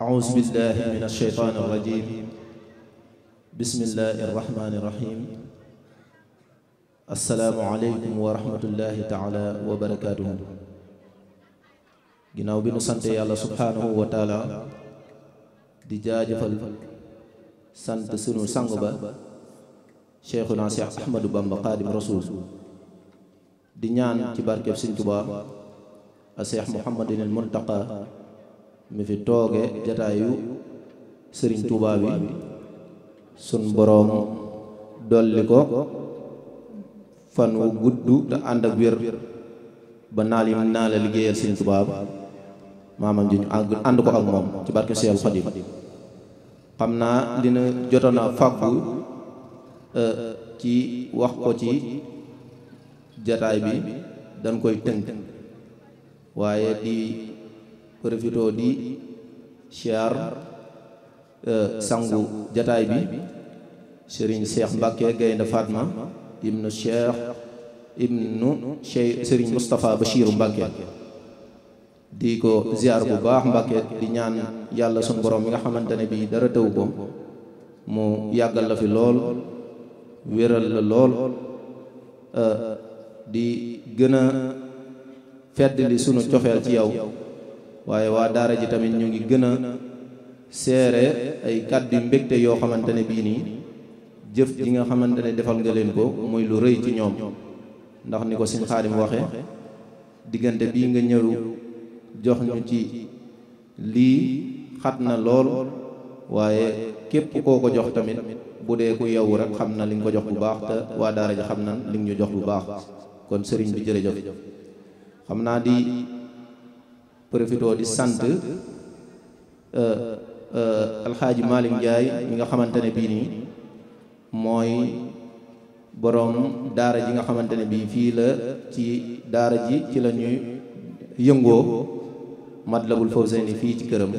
أعوذ بالله من الشيطان الرجيم بسم الله الرحمن الرحيم السلام عليكم ورحمة الله تعالى وبركاته ginnaaw sante yàlla subhaanahu wa taala di jaajëfal sant sunu sang ba cheikhuna cheikh ahmadou bamba xaadim rasul di ñaan ci barkeb sëñ a cheikh mouhamadinil muntaqa mi fi tooge jataayu sëriñ Tuubaa bi sun boroom dolli ko fan wu gudd te ànd ak wér ba naal yi naa la liggéeyal sëriñ Tuubaa maamam ji ñu ànd ko ak moom ci barke Seex Xaadim xam naa dina jotoon a fàggu euh, ci wax ko ci jataay bi dañ koy tënk waaye di profitoo di siyaar euh, sangu jataay bi sëriñ Cheikh Mbacke Gaynde Fatma ibnu Cheikh ibnu Cheikh sëriñ Moustapha Bachiru Mbacke di ko ziar bu baax Mbacke di ñaan yàlla sunu borom mi nga xamante ne bii dara tëw ko mu yàggal la fi lool wéral la lool euh, di gën a feddali sunu cofeel ci yow waaye waa daara ji tamit ñu ngi gën a seere ay kàddu mbégte yoo xamante ne bii nii jëf ji nga xamante ne defal nga leen ko muy lu rëy ci ñoom ndax ni ko sëñ Xaadim waxe diggante bii nga ñëw jox ñu ci lii xat na lool waaye képp koo ko jox tamit bu dee ku yow rek xam na li ko jox bu baax te waa daara ji xam na li ñu jox bu baax kon sëriñ bi jërëjëf xam naa di profitoo di sant euh, euh, alxaaji Malick Ndiaye mi nga xamante ne bii nii mooy boroom daara ji nga xamante ne bii fii la ci daara ji ci la ñuy yëngoo Matlabul Fawzayni fii ci këram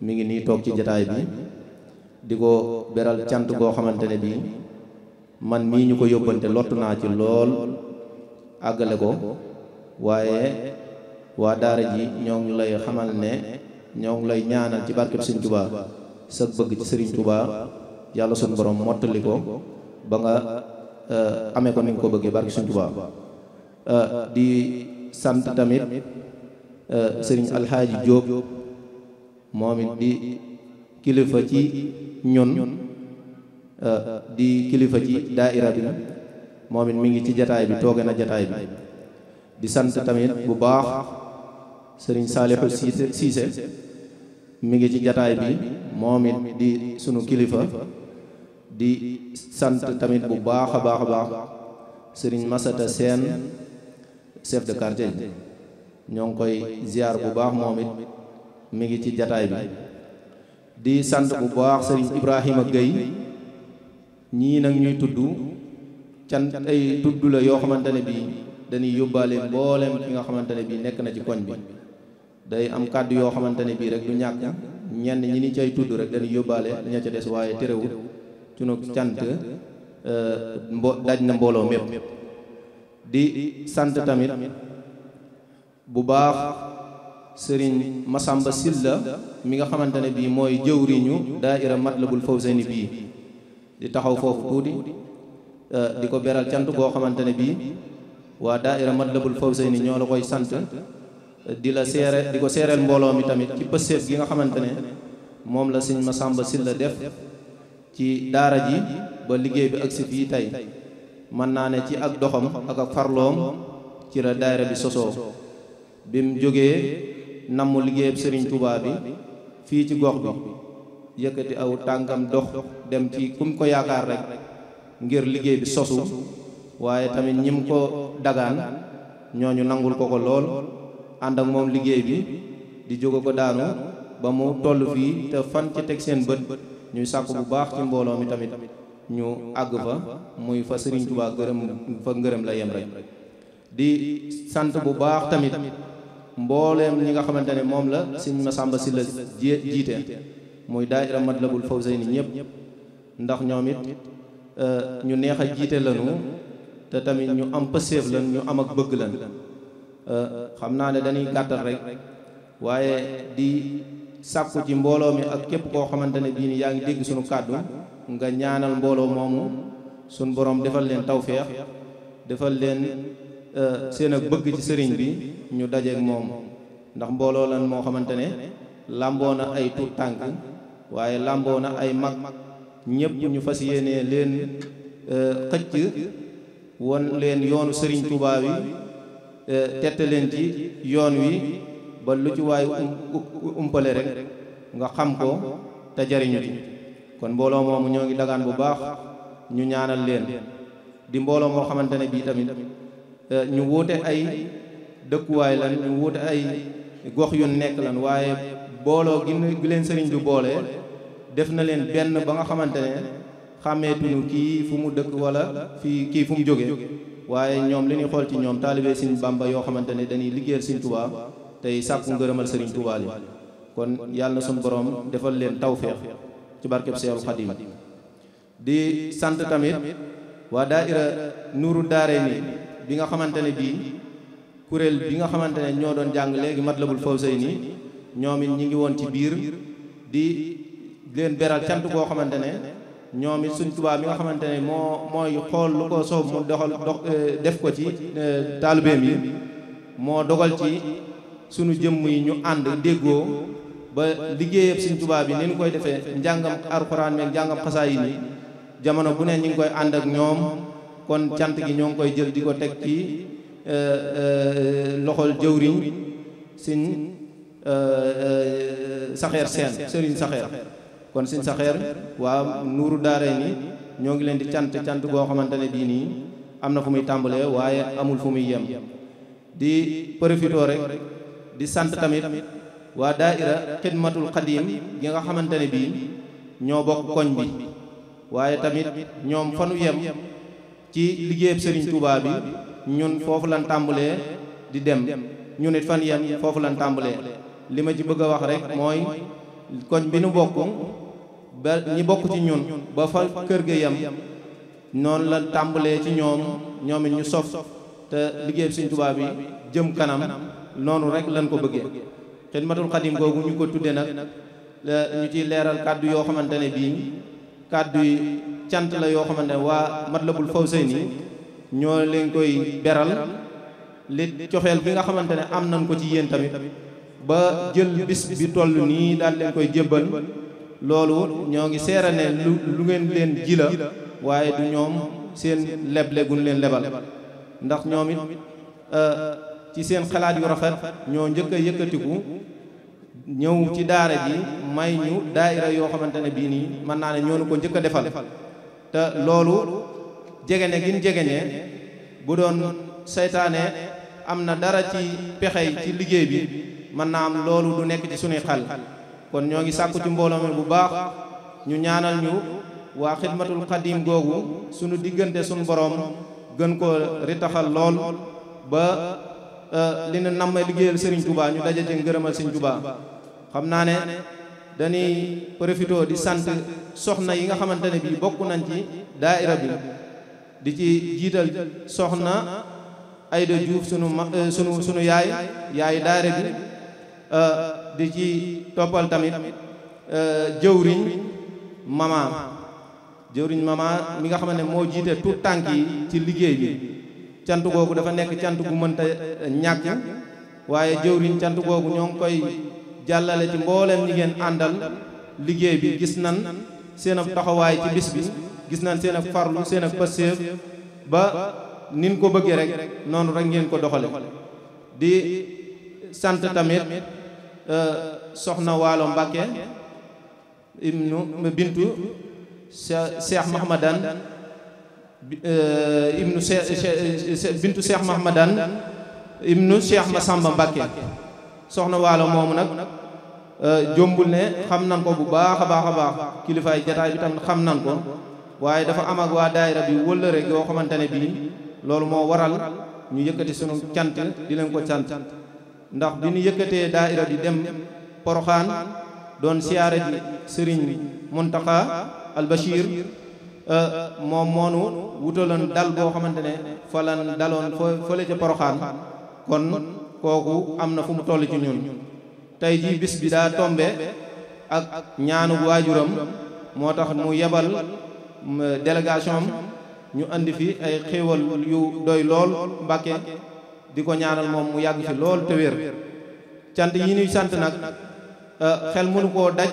mu ngi nii toog ci jataay bi di ko beral cant koo xamante ne bii man mii ñu ko yóbbante lottu naa ci lool àggale ko waaye waa daara ji ñoo ngi lay xamal ne ñoo ngi lay ñaanal ci barkeb sëñ Tuubaa sa bëgg ci sëriñ Tuubaa yàlla suñu borom mottali ko ba nga eh, amee ko ni nga ko bëggee barke sëñ Tuubaa eh, di sant tamit eh, sëriñ Alxaaji Jóob moom di kilifa ci ñun di kilifa ci daaira bi moom it mi ngi ci jataay bi tooge na jataay bi di sant tamit bu baax sëriñ Saliou Cissé mi ngi ci jataay bi moom it di sunu kilifa di sant tamit bu baax a baax a baax sëriñ Masata Seen chef de quartier ñoo ngi koy ziar bu baax moom it mi ngi ci jataay bi di sant bu baax sëriñ Ibrahima Gueye ñii nag ñuy tudd cant ay tudd la yoo xamante ne bii dañuy yóbbaale mboolem ki nga xamante ne bii nekk na ci koñ bi day am kàddu yoo xamante ne bii rek du ñàkk ñenn ñi ni cay tudd rek dañu yóbbaale ña ca des waaye terewul cunug cant euh, mbo daj na mbooloo mépp di sant tamit bu baax sëriñ Masamba Silla mi nga xamante ne bii mooy jëw daa jëwriñu daaira Matlabul Fawzayni bii di taxaw foofu tuuti euh, di ko beral cant koo xamante ne bii waa daaira Matlabul Fawzayni ñoo la koy sant di la seere di ko seereel mbooloo mi tamit ci pëstéef gi nga xamante ne moom la sëñ Masamba Sylla def ci daara ji ba liggéey bi agsi fii tey mën naa ne ci ak doxam ak ak farloom ci la daayira bi sosoo bim jógee namm liggéeyab sëriñ Touba bi fii ci gox bi yëkkati aw tànkam dox dem ci kum ko yaakaar rek ngir liggéey bi sosu waaye tamit ñim ko dagaan ñooñu nangul ko ko lool ànd ak moom liggéey bi di jóge ko daanu ba mu toll fii te fan ci teg seen bët ñuy sàkku bu baax ci mbooloo mi tamit ñu àgg fa muy fa sëriñ Tuubaa gërëm fa ngërëm la yem rek di sant bu baax tamit mbooleem ñi nga xamante ne moom la si sëñ Masamba Sylla jiite muy daayira Matlabul Fawzayni ñëpp ndax ñoom it euh, ñu neex a jiite lanu te tamit ñu am pëseef lan ñu am ak bëgg lan Euh, xam naa ne dañuy gàttal rek waaye di sàkku ci mbooloo mi ak képp koo xamante ne bii ni yaa ngi dégg sunu kàddu nga ñaanal mbooloo moomu sunu boroom defal leen tawféex defal leen euh, seen ak bëgg ci sëriñ bi ñu dajeek moom ndax mbooloo la moo xamante ne làmboo na ay tuut tànk waaye làmboo na ay mag ñëpp ñu fas yéenee leen euh, xëcc won leen yoonu sëriñ Tuubaa wi Euh, tette leen ci yoon wi ba lu ci waay um, um, umpale rek nga xam ko te jariñu ci kon mbooloo moomu ñoo ngi dagaan bu baax ñu ñaanal leen di mbooloo moo xamante ne bii tamit euh, ñu wuute ay dëkkuwaay lan ñu wuute ay gox yu nekk lan waaye booloo gi leen sëriñ du boole def na leen benn ba nga xamante ne xàmmeetunu kii fu mu dëkk wala fii kii fu mu jóge waaye ñoom li ñuy xool ci ñoom taalibe Sëriñ bàmba yoo xamante ne dañuy liggéeyal Sëriñ Tuubaa tey sàkku ngërëmal Sëriñ Tuubaa li kon yàlla na suñu borom defal leen tawféex ci barkeb Seexul Xadiim di sant tamit waa daaira daare Daarayni bi nga xamante ne bii kuréel bi nga xamante ne ñoo doon jàng léegi Matlabul Fawzayni ñoom it ñi ngi woon ci biir di leen beral cant koo xamante ne ñoom it suñ tubaab yi nga xamante ne moo mooy xool lu ko soob mu doxal dox eh, def ko ci eh, taalibeem yi moo dogal ci suñu jëmm yi ñu ànd déggoo ba liggéeyab suñ tubaab yi ni ñu koy defee njàngam alxuraan meek njàngam xasaa yi nii jamono bu ne ñu ngi koy ànd ak ñoom kon cant gi ñoo ngi koy jël di ko teg ci eh, loxol jëwriñ siñ saxeer seen sëriñ saxeer kon sëñ Saxeer waa nuuru daare ni ñoo ngi leen di cant cant goo xamante ne bii nii am na fu muy tàmbalee waaye amul fu muy yem di profitoo rek di sant tamit waa daaira xidmatul xadiim gi nga xamante ne bii ñoo bokk koñ bi waaye tamit ñoom fanu yem ci liggéeyab Serigne Touba bi ñun foofu lan tàmbalee di dem ñu it fan yem foofu lan tàmbalee li ma ci bëgg a wax rek mooy koñ bi nu bokk ba ñi bokk ci ñun ba fa kër ga yam noonu la tàmbalee ci ñoom ñoom it ñu sof te liggéey Sëriñ tubaab yi jëm kanam noonu rek lañ ko bëggee matul xadim googu ñu ko tudde nag ñu ciy leeral kàddu yoo xamante ne bii kàddu yi cant la yoo xamante ne waa Matlabul Fawzayni ñoo leen koy beral li cofeel bi nga xamante ne am nañ ko ci yéen tamit ba jël bis bi toll nii daal leen koy jébbal loolu ñoo ngi seera ne lu lu ngeen leen ji la waaye du ñoom seen leble gun leen lebal ndax ñoom it euh, ci seen xalaat yu rafet ñoo njëkk a yëkkatiku ñëw ci daara ji may ñu daayira yoo xamante ne bii nii mën naa ne ñoonu ko njëkk a defal te loolu jegeñe gin jegeñe bu doon seytaane am na dara ci pexe ci liggéey bi mën naa am loolu du nekk ci sunuy xel kon ñoo ngi sàkku ci mbooloo mi bu baax ñu ñaanal ñu waa xidmatul xadim googu suñu diggante suñu boroom gën ko ritaxal lool ba euh, li na nammay liggéeyal sëriñ Touba ñu daje ci ngërëmal sëriñ Touba xam naa ne dañuy profito di sant soxna yi nga xamante ne bii bokk nañ ci daaira bi di ci jiital soxna Ayda Diouf sunu euh, sunu sunu yaay yaay daaira bi euh, di ci toppal tamit euh, jëwriñ mama jëwriñ mama mi nga xam ne moo jiite tout tànk yi ci liggéey bi cant googu dafa nekk cant gu mënta euh, ñàkk waaye jëwriñ cant googu ñoo ngi koy jàllale ci mbooleem ñi ngeen àndal liggéey bi gis nan seen ab taxawaay ci bis bi gis naan seen ak farlu seen ak pësseef ba nin ko bëggee rek noonu rek ngeen ko doxale di sant tamit Euh, soxna waalo Mbàkke ibnu bintu Cheikh Mahmadan euh, ibnu Cheikh bintu Cheikh Mahmadan ibnu Cheikh Masamba Mbàkke soxna waalo moomu nag euh, jombul ne xam nan ko bu baax a baax a baax kilifaay jataay bi tam xam nan ko waaye dafa am ak waa daayira bi wëllëre yoo xamante ne bii loolu moo waral ñu yëkkati sunu cant di leen ko cant ndax bi ñu yëkkatee daaira di dem poroxaan doon siyaare ji sëriñ muntaxa albashir euh, moom moonu wutaloon dal boo xamante ne fa lan daloon fële ca poroxaan kon kooku am na fu mu toll ci ñun tey ji bis bi daa tombe ak ñaanu waajuram moo tax mu yebal euh, délégation am ñu andi fi ay xéewal yu doy lool Mbàkke di ko ñaanal moom mu yàgg ci lool te wér cant yi ñuy sant nag euh, xel mënu koo daj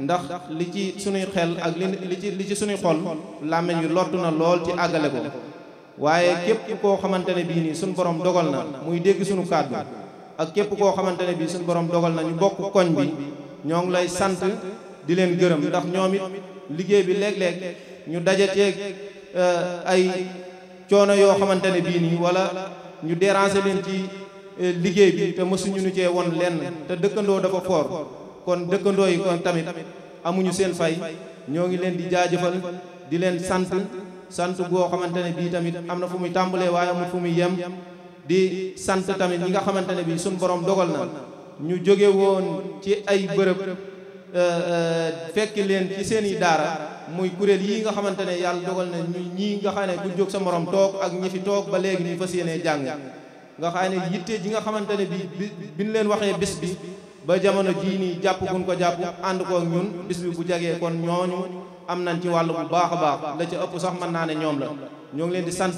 ndax li ci sunuy xel ak li ci li ci sunuy xol làmmiñ wi lottu na lool ci àggale ko waaye képp koo xamante ne bii nii suñu borom dogal na muy dégg sunu kàddu ak képp koo xamante ne bii suñu borom dogal na ñu bokk koñ bi ñoo ngi lay sant di leen gërëm ndax ñoom it liggéey bi léeg-léeg ñu daje ceeg euh, ay coono yoo xamante bii nii wala ñu déranger leen ci euh, liggéey bi te mësuñu ñu cee won lenn te dëkkandoo dafa foor kon dëkkandoo yi kon tamit amuñu seen fay ñoo ngi leen di jaajëfal di leen sant sant goo xamante ne bii tamit am na fu muy tàmbalee waaye amul fu muy yem di sant tamit ñi nga xamante ne bii suñ borom dogal na ñu jóge woon ci ay bërëb euh, euh, fekk leen ci seeni daara muy kuréel yi nga xamante ne yàlla dogal na ñu ñii nga xam ne bu jóg sa morom toog ak ñi fi toog ba léegi ñu fas yéenee jàng nga xam ne yitte ji nga xamante ne bi bi ñu leen waxee bés bi ba jamono jii nii jàpp guñ ko jàpp ànd kook ñun bis bi bu jagee kon ñooñu am nañ ci wàll bu baax a baax la ca ëpp sax man naa ne ñoom la ñoo ngi leen di sant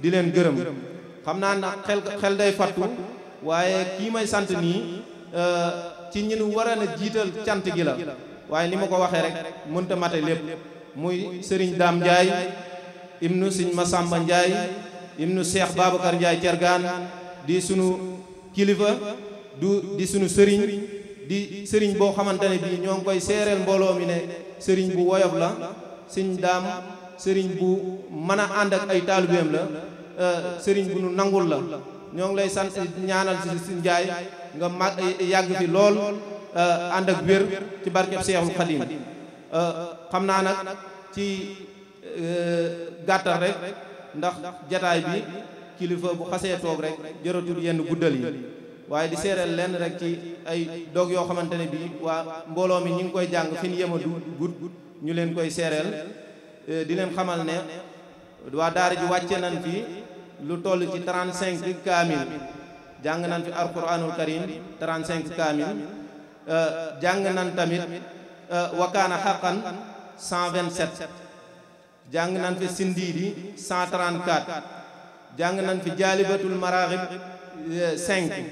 di leen gërëm xam naa nag xel xel day fattu waaye kii may sant nii euh, ci ñun war a jiital cant gi la waaye ni ma ko waxee rek mënta mate lépp muy sëriñ daam njaay ibnu sëriñ masamba njaay ibnu seex babacar njaay cergaan di sunu kilifa du di suñu sëriñ di sëriñ boo xamante ne bii ñoo ngi koy seereel mbooloo mi ne sëriñ bu woyof la sëriñ daam sëriñ bu mën a ànd ak ay taalibeem la euh, sëriñ bu nu nangul la ñoo ngi lay sant ñaanal si si njaay nga mag yàgg fi lool Euh, ànd ak wér ci barkeb Seexul Xadiim euh, xam naa nag ci euh, gàttal rek ndax jataay bi kilifa bu xasee toog rek jëratul yenn guddal yi waaye di seereel lenn rek ci ay dog yoo xamante ne bii waa mbooloo mi ñu ngi koy jàng fi ñu yema du gudd ñu leen koy seereel di leen xamal ne waa daara ji wàcce nañ ci lu toll ci 35 kaamil jàng nañ fi alquranul trent 35 kaamil jàng nan tamit euh, wakaana xaqan 127 jàng nan fi sindiidi 134 jàng nan fi jaalibatul maraaxib 5 euh,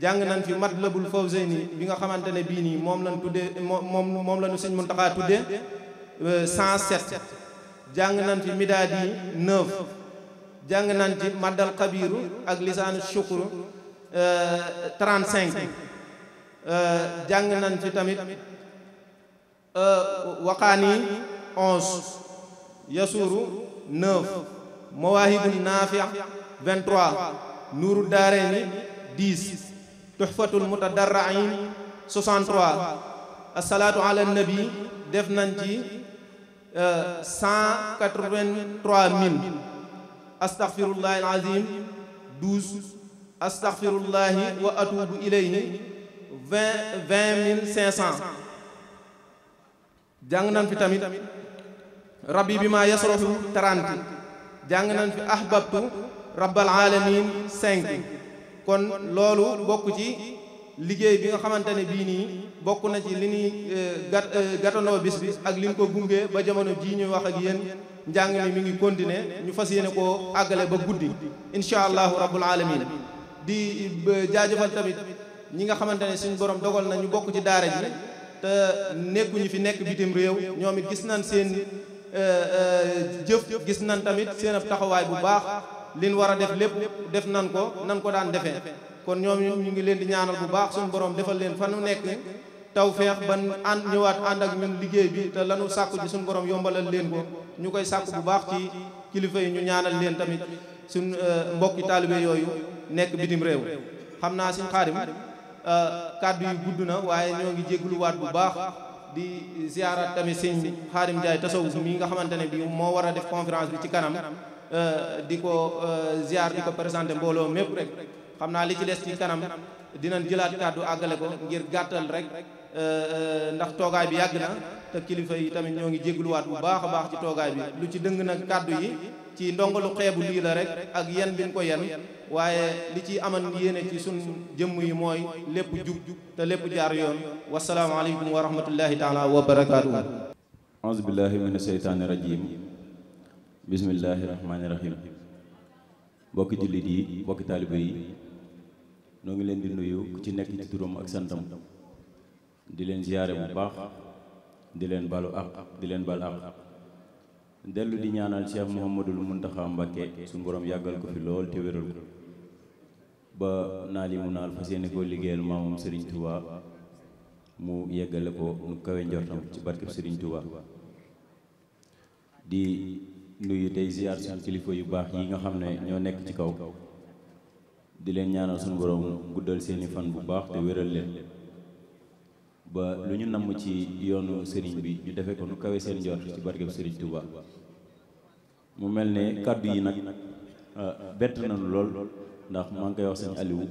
jàng nan fi matlabul fawzeyni bi nga xamante ne bii nii moom lañ tuddee moom moom la ñu sëñ Muntaxa tuddee euh, 107 jàng nan fi midaad yi 9 jàng nan ci maddal xabiiru ak lisaanu shukru 35 Euh, jàng nañ fi tamit euh, waqaani onze yasuuru neuf mawaahibu naafi' nuuru daareeni dix tuhfatul mutadarrain soixante-trois asalaatu ala nabi def nañ ci euh, wa atubu ilayhi vingt vingt cinq cent jàng nañ fi tamit rabbi bi maa yasrafu trente jàng nañ fi ahbabtu rabbal alamin cinq kon loolu bokk ci liggéey bi nga xamante ne bii nii bokk na ci li ñuy eh, gat eh, gatandoo bis ak li ñu ko gunge ba jamono jii ñuy wax ak yéen njàng mi mi ngi continuer ñu fas yéene ko àggale ba guddi incha allahu rabbul alamin di eh, jaajëfal tamit ñi nga xamante ne suñu borom dogal na ñu bokk ci daara ji te nekkuñu fi nekk bitim réew ñoom it gis nañ seen eh, eh, jëf gis nañ tamit seen taxawaay bu baax liñ war a def lépp def nan ko nan ko daan defee kon ñoom ñu ngi leen di ñaanal bu baax suñu borom defal leen fanu nekk tawfeex ban ànd ñëwaat ànd ak ñun liggéey bi te lanu sàkku ci suñu borom yombalal leen ko ñu koy sàkku bu baax ci kilifa yi ñu ñaanal leen tamit suñ eh, mbokki taalibe yooyu nekk bitim réew xam naa Euh, kàddu yu gudd na waaye ñoo ngi jégluwaat bu baax di ziarat tamit sëñ Xaadim Njaay tasawuf mi nga xamante ne bi moo war a def conférence bi ci kanam euh, di ko euh, ziar di ko présenté mbooloo mépp rek xam naa li ci des ci kanam dinañ jëlaat kàddu àggale ko ngir gàttal rek ndax toogaay bi yàgg na te kilifa yi tamit ñoo ngi jégluwaat bu baax a baax ci toogaay bi lu ci dëng na kàddu yi ci ndongo lu xeebu lii la rek ak yen biñ ko yen waaye li ci aman yéene ci sun jëmm yi mooy lépp jub te lépp jaar yoon wasalaamaaleykum wa rahmatullahi taala wa barakaatuhu auzu billahi mina seytaani rajim bismillahi rahmaani rahim mbokki jullit yi mbokki taalibe yi noo ngi leen di nuyu ku ci nekk ci turam ak santam di leen ziyaare bu baax di leen balu ak di leen balu ak dellu di ñaanal Cheikh Mouhamadul Mountakha Mbacké suñu borom yàggal ko fi lool te wéral ko ba naal yi mu naal fas yéene koo liggéeyal maamam Serigne Touba mu yeggale ko nu kawe njortam ci barkeb Serigne Touba di nuyu tey ziar suñu kilifa yu baax yi nga xam ne ñoo nekk ci kaw di leen ñaanal su borom guddal seeni fan bu baax te wéral leen. ba lu ñu namm ci yoonu sëriñ bi ñu defee ko nu kawe seen jor ci barkeb sëriñ Touba mu mel ne kàddu yi nag ah, bett nañu lool ndax maa ngi koy wax sëñ Aliou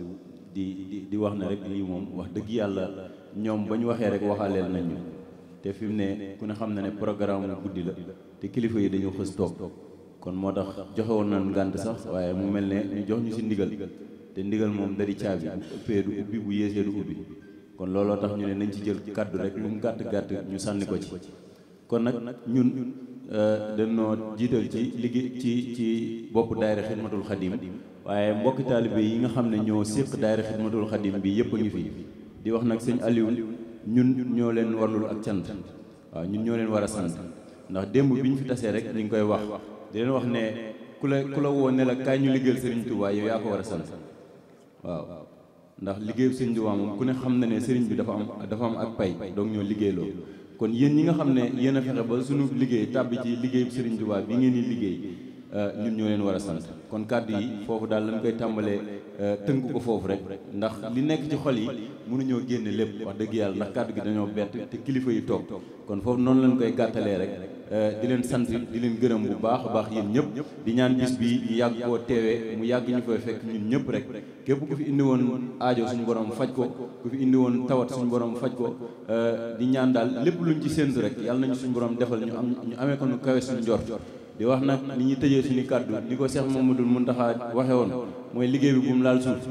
di di wax ne rek lii moom wax dëgg yàlla ñoom ba ñu waxee rek waxaaleel nañ ñu te fi mu ne ku ne xam na ne programme guddi la te kilifa yi dañoo xës toog kon moo tax joxe woon nañu gànt sax waaye mu mel ne ñu jox ñu si ndigal te ndigal moom dari caabi bu ëppee du ubbi bu yéesee du ubbi. kon looloo tax ñu ne nañ ci jël kàddu rek lu mu gàtt gàtt ñu sànni ko ci kon nag ñun euh, dañoo jiital ci liggéey ci ci bopp daayira xidmatul xadim waaye mbokki taalibe yi nga xam ne ñoo séq daayira xidmatul xadim bi yëpp a ngi fi di wax nag sëñ Aliou ñun ñoo leen warlul ak cant waaw ñun leen war a sant ndax démb bi ñu fi tasee rek ñu koy wax di leen wax ne ku la ku la woon ne la kaay ñu liggéeyal sëriñ Touba yow yaa ko war a sant waaw ndax liggéeyu sëriñ Tuubaa ku ne xam na ne sëriñ bi dafa am dafa am ak pay donc ñoo liggéeyloo kon yéen ñi nga xam ne yéen a fexe ba sunu liggéey tàbbi ci liggéeyu sëriñ Tuubaa bi ngeen di liggéey euh, ñun ñoo leen war a sant kon kàddu yi foofu daal lañ koy tàmbalee euh, tënk ko foofu rek ndax li nekk ci xol yi mënuñoo génne lépp wax dëgg yàlla ndax kàddu gi dañoo bett te kilifa yi toog kon foofu noonu lañ koy gàttalee rek Euh, di leen sant di leen gërëm bu baax a baax yéen ñëpp di ñaan bis bi ñu yàgg koo teewee mu yàgg ñu koy fekk ñun ñëpp rek képp ku fi indi woon aajo suñu borom faj ko ku fi indi woon tawat suñu boroom faj ko euh, di ñaan daal lépp lu ñu ci séntu rek yàlla nañu suñu borom defal ñu am ñu amee ko nu kawe suñu njort di wax nag li ñuy tëjee suñu kàddu ni ko moom Cheikh Mamadou Mountakha waxe woon mooy liggéey bi bu mu laal suuf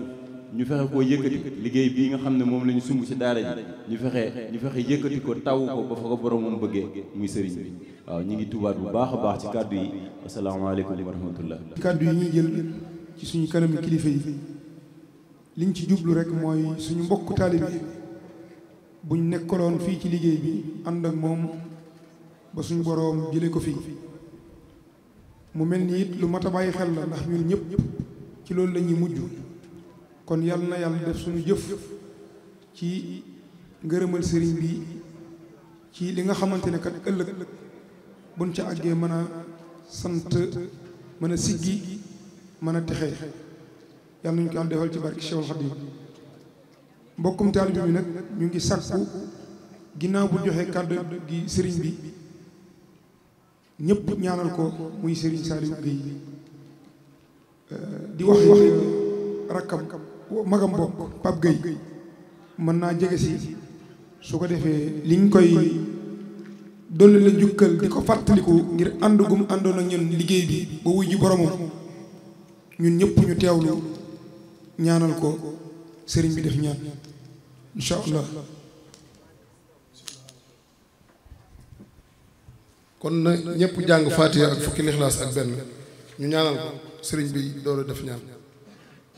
ñu fexe koo yëkkati liggéey bii nga xam ne moom la ñu sumb ci daara ji ñu fexe ñu fexe yëkkati ko taw ko ba fa ko boromam bëggee muy sëriñ bi waaw ñu ngi tubaat bu baax a baax ci kàddu yi asalaamaaleykum wa rahmatullah kàddu yi ñuy jël ci suñu kanami kilifa yi liñ ci jublu rek mooy suñu mbokk taalib yi buñ nekkaloon fii ci liggéey bi ànd ak moom ba suñu borom jëlee ko fii mu mel ni it lu mat bàyyi xel la ndax ñun ñëpp ci loolu la ñuy mujj kon yàlla na yàlla def suñu jëf ci ngërëmal sëriñ bi ci li nga xamante ne kat ëllëg buñ ca àggee mën a sant mën a siggi mën a texe yàlla nañu ko yàlla defal ci barke Cheikhul Khadim mbokkum taalibe bi nag ñu ngi sàkku ginnaaw bu joxee kàddu gi sëriñ bi ñëpp ñaanal ko muy sëriñ Saliou yi di wax wax rakkam magam bopp Pape Gueye mën naa jege si su ko defee liñ koy dolli la jukkal di ko fàttaliku ngir ànd gum àndoon a ñun liggéey bi ba wuy ji boromam ñun ñëpp ñu teewlu ñaanal ko sëriñ bi def ñaan incha allah. kon na ñëpp jàng Faatiha ak fukki lixlaas ak benn ñu ñaanal ko sëriñ bi doolu def ñaan.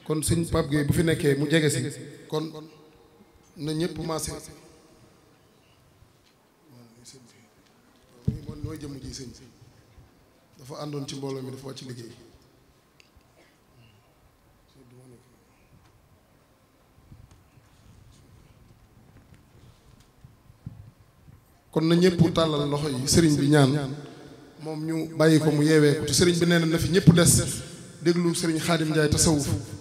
kon sëñ Pape Gueye bu fi nekkee mu jege si kon na ñëpp maase moom mooy jëmm ji sëñ dafa àndoon ci mbooloo mi dafa wàcc liggéey kon na ñëpp tàllal loxo yi sëriñ bi ñaan moom ñu bàyyi ko mu yeewee ko te sëriñ bi nee na na fi ñëpp des déglu sëriñ Xaadim Njaay tasawuf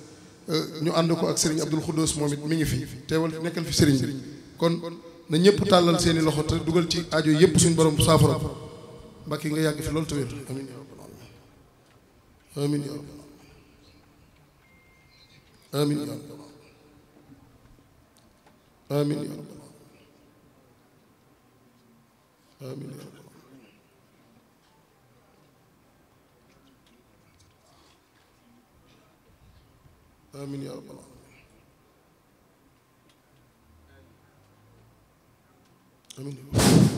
ñu ànd ko ak Serigne Abdoul Khoudous moom it mi ngi fi teewal nekkal fi Serigne bi kon na ñëpp tàllal seeni loxo te dugal ci ajo yëpp suñu borom saafara mbakki nga yàgg fi loolu te wér amiin amin ya rabbal alamin amin